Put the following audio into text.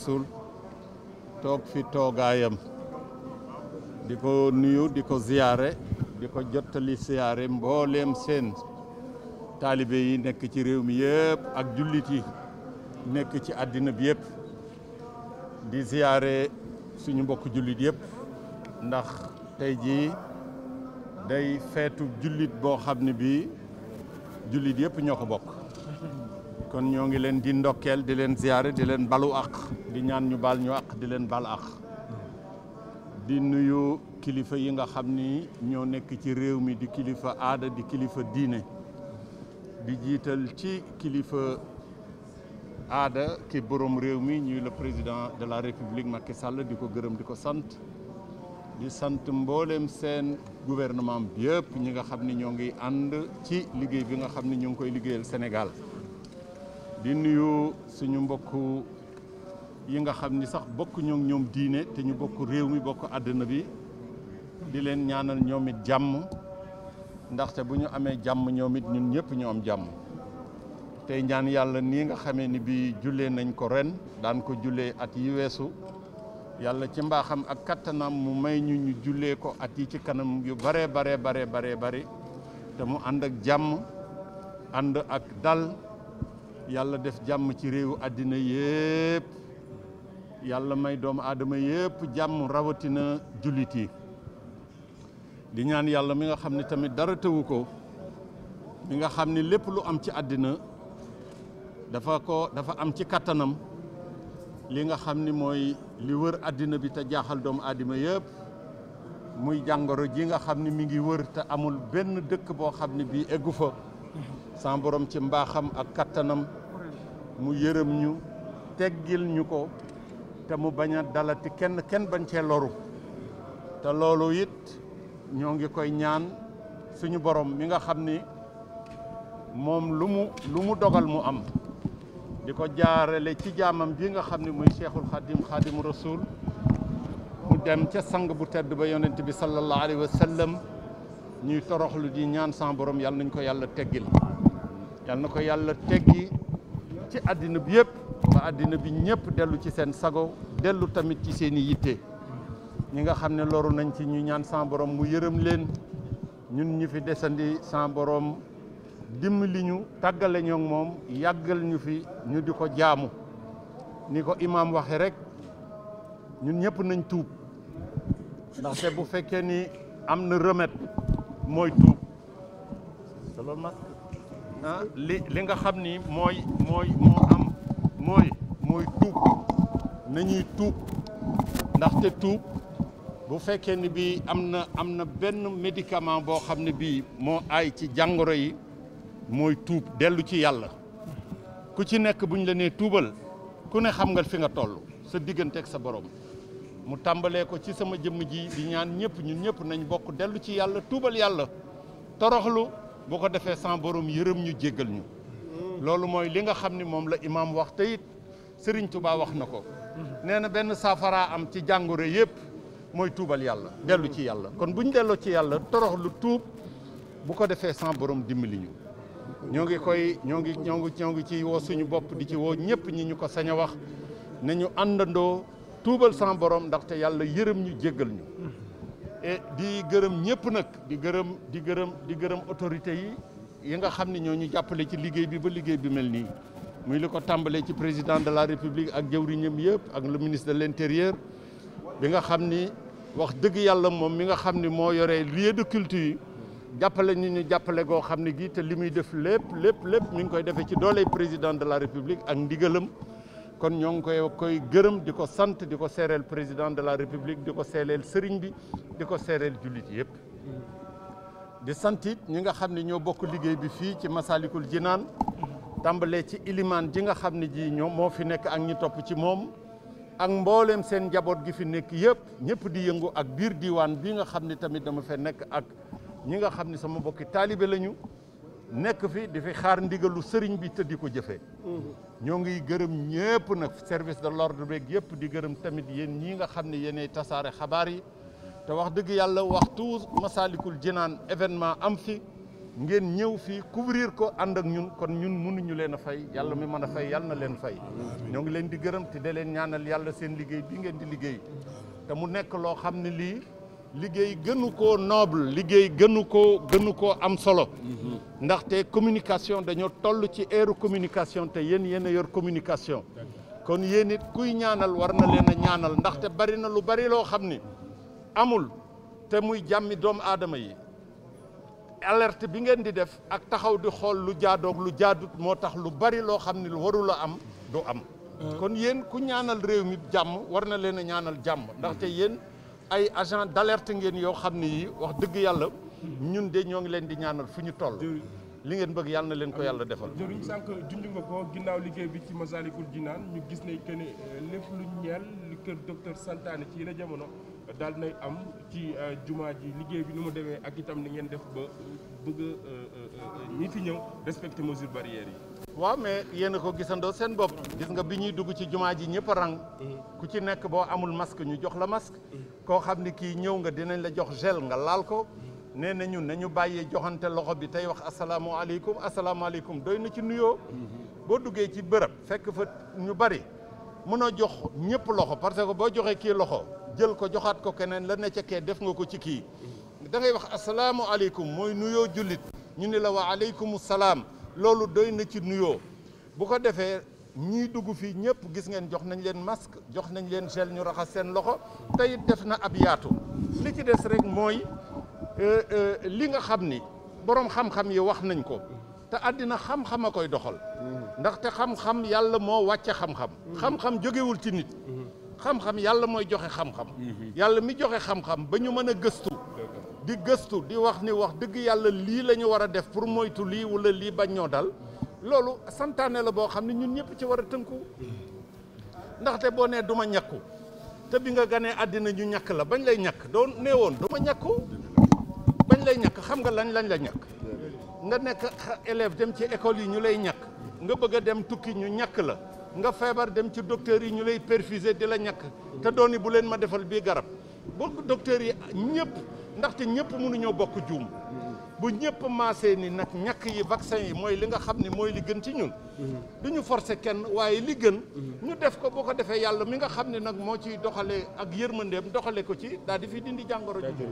sul toog fi toogaayam di ko nuyu di ko ziyaare di ko jottali ziyaare mbooleem seen taalibe yi nekk ci réew mi yëpp ak jullit yi nekk ci àddina bi yépp di ziyaare suñu bokk jullit yépp ndax tey jii day feetu jullit boo xam ne bi jullit yépp ñoo bokk kon ñoo ngi leen di ndokkeel di leen ziyaare di leen balu ak di ñaan ñu bal ñu ak di leen bal ak di nuyu kilifa yi nga xam ni ñoo nekk ci réew mi di kilifa aada di kilifa diine di jiital ci kilifa aada ki borom réew mi ñuy le président de la république Macky sàll di ko gërëm di ko sant di sant mboolem seen gouvernement bi yëpp ñi nga xam ni ñoo ngi ànd ci liggéey bi nga xam ni ñoo ngi koy liggéeyal Sénégal di nuyu suñu mbokk yi nga xam ni sax bokk ñoom ñoom diine te ñu bokk réew mi bokk àddina bi di leen ñaanal ñoom it jàmm ndaxte bu ñu amee jàmm ñoomit ñu ñun ñëpp ñu am jàmm tey ñaan yàlla nii nga xamee ni bi jullee nañ ko ren daan ko jullee at yi weesu yàlla ci mbaaxam ak kattanam mu may ñu ñu jullee ko at yi ci kanam yu bare bare bare bare bare te mu ànd ak jàmm ànd ak dal yàlla def jàmm ci réewu àddina yépp yàlla may doomu aadama yépp jàmm rawatina jullit yi di ñaan yàlla mi nga xam ne tamit dara tëwu ko mi nga xam ni lépp lu am ci àddina dafa ko dafa am ci kattanam li nga xam ni mooy li wër àddina bi te jaaxal doomu aadama yépp muy jàngoro ji nga xam ni mi ngi wër te amul benn dëkk boo xam ne bii eggu fa mm-hmm. san ci mbaaxam ak kattanam mu yërëm ñu teggil ñu ko te mu bañ a dalati kenn kenn bañ cee loru te loolu it ñoo ngi koy ñaan suñu borom mi nga xam ni moom lu mu lu mu dogal mu am di ko jaarale ci jaamam bi nga xam ne muy cheikhul xadim xadimu rasul mu dem ca sang bu tedd ba yonent bi sallallahu alayhi wa sallam ñuy toroxlu di ñaan san borom yàlla nañ ko yàlla teggil yàlla na ko yàlla teggi ci àddina bi yëpp ba àddina bi ñëpp dellu ci seen sago dellu tamit ci seeni i yitte ñi nga xam ne loru nañ ci ñu ñaan san borom mu yërëm leen ñun ñu fi desandi san borom dimbali ñu tàggale moom yàggal ñu fi ñu di ko jaamu ni ko imaam waxe rek ñun ñëpp nañ tuub ndaxte bu fekkee ni am na remède mooy tuub Ah, li li nga xam ni mooy mooy moo am mooy mooy tuub nañuy tuub ndaxte tuub bu fekkee ni bii am na am na benn médicament boo xam ne bii moo ay ci jàngoro yi mooy tuub dellu ci yàlla ku ci nekk buñ la nee tuubal ku ne xam nga fi nga toll sa diggante ak sa borom mu tàmbalee ko ci sama jëmm ji di ñaan ñëpp ñun ñëpp nañ bokk dellu ci yàlla tuubal yàlla toroxlu bu ko defee sans borom yërëm ñu jéggal ñu loolu mooy li nga xam ni moom la imaam wax te it Serigne wax na ko nee na benn saafara am ci jàngoro yëpp mooy tuubal yàlla dellu ci yàlla kon bu ñu delloo ci yàlla torox lu tuub bu ko defee sans borom dimbali ñoo ngi koy ñoo ngi ñoo ngi ci woo suñu bopp di ci woo ñëpp ñi ñu ko sañ a wax nañu àndandoo tuubal sans borom ndaxte yàlla yërëm ñu jéggal et di gërëm ñëpp nag di gërëm di gërëm di gërëm autorités yi yi nga xam ne ñoo ñu jàppale ci liggéey bi ba liggéey bi mel nii muy li ko tàmbalee ci président de la république ak jëwriñam yëpp ak le ministre de l'intérieur bi nga xam ni wax dëgg yàlla moom mi nga xam ni moo yore lieu de culture yi jàppale ñu ñu jàppale goo xam ne gii te li muy def lépp lépp lépp mi ngi koy defee ci dooley président de la république ak ndigalam kon ñoo ngi koy koy gërëm di ko sant di ko seereel président de la république di ko seereel sëriñ bi di ko seereel jullit yëpp. di sant ñi nga xam ne ñoo bokk liggéey bi fii ci Masalikul naan tàmbalee ci ilimaan ji nga xam ne ji ñoom moo fi nekk ak ñi topp ci moom ak mboolem seen njaboot gi fi nekk yëpp ñëpp di yëngu ak biir diiwaan bi nga xam ne tamit dama fi nekk ak ñi nga xam ne sama bokki taalibe lañu nekk fi di fi xaar ndigalu sëriñ bi te di ko jëfee. Mm-hmm. ñoo ngi gërëm ñëpp nag service de l'ordre beeg yëpp di gërëm tamit yéen ñii nga xam ne yéenay tasaare xabaar yi te wax dëgg yàlla waxtu Masaalikul Jinaan événement am fi ngeen ñëw fii couvrir ko ànd ak ñun kon ñun mënuñu leen fay yàlla mi mën a fay yàlla na leen fay. ñoo ngi leen di gërëm te da leen ñaanal yàlla seen liggéey bi ngeen di liggéey te mu nekk loo xam ne lii. liggéey gënu ko noble liggéey gënu koo gënu koo am solo mhm. ndaxte communication dañoo toll ci ère communication te yéen yéen a yor communication kon yéen it kuy ñaanal war na leen a ñaanal ndaxte bari na lu bari loo xam ni amul te muy jàmmi doomu aadama yi alerte bi ngeen di def ak taxaw di xool lu jaadoog lu jaadut moo tax lu bari loo xam ni lu warul am du am euh. kon yéen ku ñaanal réew mi jàmm war na leen a ñaanal jàmm ndaxte yéen ay agent d'alerte ngeen yoo xam ne yi wax dëgg yàlla ñun de ñoo ngi leen di ñaanal fu ñu toll li ngeen bëgg yàlla na leen ko yàlla defal jëriñ sànq junj nga ko ginnaaw liggéey bi ci Masalikul Jinaan ñu gis ne que ne euh, lépp lu ñeel li kër docteur santaane ci la jamono daal nay am ci euh, jumaa ji liggéey bi nu mu demee ak itam ni ngeen def ba bëgg euh, euh, euh, ñi fi ñëw respecter mesures barrières yi. waaw mais yéen a ko gisandoo seen bopp. gis nga bi ñuy dugg ci jumaa ji ñëpp a rang. Mm-hmm. ku ci nekk boo amul masque ñu jox la masque. Mm-hmm. koo xam ni kii ñëw nga dinañ la jox gel nga laal ko. Mm-hmm. nee na ñun nañu bàyyee joxante loxo bi tey wax asalaamaaleykum asalaamaaleykum doy na ci nuyoo. boo duggee ci bërëb fekk fa ñu bari mun a jox ñëpp loxo parce que boo joxee kii loxo jël ko joxaat ko keneen la ne ca def nga ko ci kii. da ngay wax asalaamualeykum mooy nuyoo jullit ñu ne la wa aleykum salaam loolu doy na ci nuyoo bu ko defee ñii dugg fii ñëpp gis ngeen jox nañ leen masque jox nañ leen gel ñu raxas seen loxo tey def na ab yaatu li ci des rek mooy euh, euh, li nga xam ni boroom xam-xam yi wax nañ ko te àddina xam-xam a koy doxal ndaxte xam-xam yàlla moo wàcce xam-xam xam-xam jógewul ci nit mm-hmm. xam-xam yàlla mooy joxe xam mm-hmm. yàlla mi joxe xam-xam ba ñu mën a gëstu di gëstu di wax ni wax dëgg yàlla lii la ñu war a def pour moytu lii wala lii bañ ñoo dal loolu santaane la boo xam ne ñun ñëpp ci war a tënku ndaxte boo nee duma ma ñàkku te bi nga ganee àddina ñu ñàkk la bañ lay ñàkk doo nee woon du ma ñàkku bañ lay ñàkk xam nga lañ lañ la ñàkk nga nekk élève dem ci école yi ñu lay ñàkk nga bëgg a dem tukki ñu ñàkk la nga feebar dem ci docteur yi ñu lay perfuser di la ñàkk te dooni bu leen ma defal bii garab bokk docteur yi ñëpp ndaxte ñëpp mënuñoo bokk juum bu ñëpp maasee ni nag ñàkk yi vaccin yi mooy li nga xam ni mooy li gën ci ñun mm-hmm. du ñu forcer kenn waaye li gën mm-hmm. ñu def ko boo ko defee yàlla mi nga xam ne nag moo ciy doxale ak yërmandeem doxale ko ci daal di fi dindi jàngoro ji